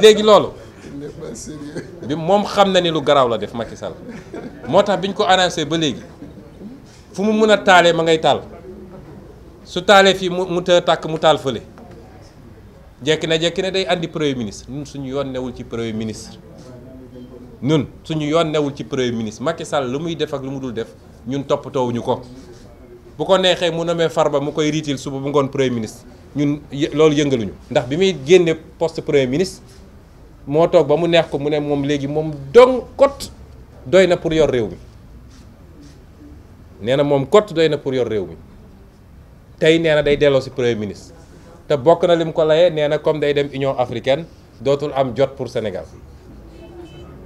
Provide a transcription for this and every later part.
léegi loolu bi moom xam na ni lu garaaw la def Macky Sall moo tax bi ñu ko annoncé ba léegi fu mu mën a taalee ma ngay taal su taalee fii mu mu të tàkk mu taal fële jekki na jekki na day andi premier ministre ñun suñu yoon newul ci premier ministre ñun suñu yoon newul ci premier ministre Macky Sall lu muy def ak lu mu dul def ñun toppatoowuñu ko bu ko neexee mu far ba mu koy riitil suba bu ngoon premier ministre ñun loolu yëngaluñu ndax bi muy génne poste premier ministre moo toog ba mu neex ko mu ne moom léegi moom dong kot doy na pour yor réew mi nee na moom kot doy na pour yor réew mi tey nee na day delloo si premier ministre te bokk na li mu ko layee nee na comme day dem Union africaine dootul am jot pour Sénégal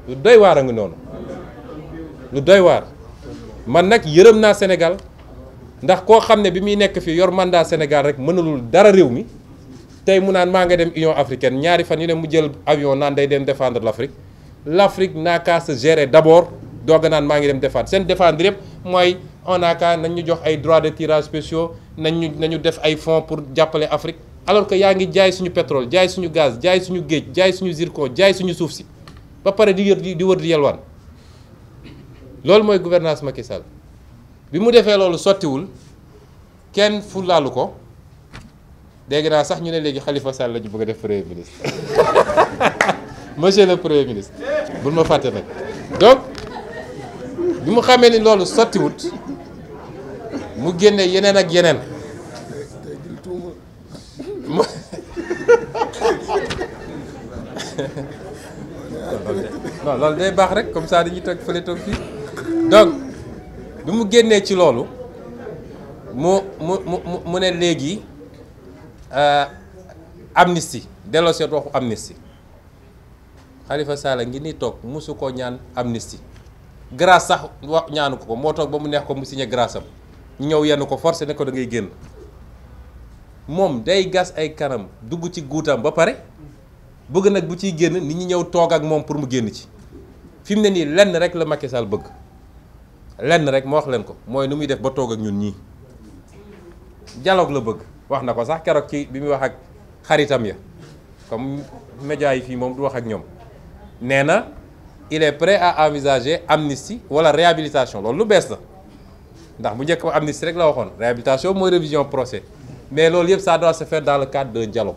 lu doy waar a ngi noonu lu doy waar man nag yërëm naa Sénégal ndax koo xam ne bi muy nekk fii yor mandat Sénégal rek mënalul dara réew mi tey mu naan maa nga dem Union africaine ñaari fan yu ne mu jël avion naan day dem défendre l' Afrique l' Afrique naa kaa se d' abord doog naan maa ngi dem défendre seen défendre yëpp mooy on a kaa nañ jox ay droits de tirage spéciaux nañ ñu nañu def ay fonds pour jàppale Afrique alors que yaa ngi jaay suñu pétrole jaay suñu gaz jaay suñu géej jaay suñu zircon jaay suñu suuf si ba pare di yër di wër di yelwaan loolu mooy gouvernance Macky Sall bi mu defee loolu sottiwul kenn fulaalu ko. dégg naa sax ñu ne léegi xalifa Sall la ñu bëgg def premier ministre monsieur le premier ministre bul ma fàtte nag donc bi mu xamee ni loolu sottiwut mu génne yeneen ak yeneen non loolu day baax rek comme ça dañuy toog fële toog fii donc bi mu génnee ci loolu mu mu mu mu ne léegi Euh, amnistie delloo seet waxu amnistie Khalifa Sall ngi ni toog mosu koo ñaan amnistie grâce sax wax ñaanu ko ko moo toog ba mu neex ko mu signé grâce am ñu ñëw yenn ko forcé ne ko da ngay génn moom day gas ay kanam dugg ci guutam ba pare bëgg nag bu ciy génn nit ñu ñëw toog ak moom pour mu génn ci fi mu ne nii lenn rek la Macky Sall bëgg lenn rek ma wax leen ko mooy nu muy def ba toog ak ñun ñii dialogue la bëgg wax na ko sax keroog ci bi muy wax ak xaritam ya comme médias yi fii moom du wax ak ñoom nee na il est prêt à envisager amnistie wala réhabilitation loolu lu bees la ndax bu njëkk ba amnistie rek la waxoon réhabilitation mooy révision procès mais loolu yëpp sa doit se faire dans le cadre jalo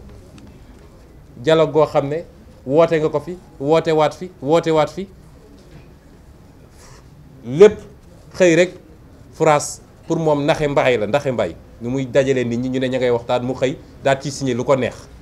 dialogue goo xam ne woote nga ko fi woote waat fi woote waat fi lépp xëy rek France pour moom naxe mbaxay la ndaxe mbay nu muy dajalee nit ñi ñu ne ña ngay waxtaan mu xëy daal ci signé lu ko neex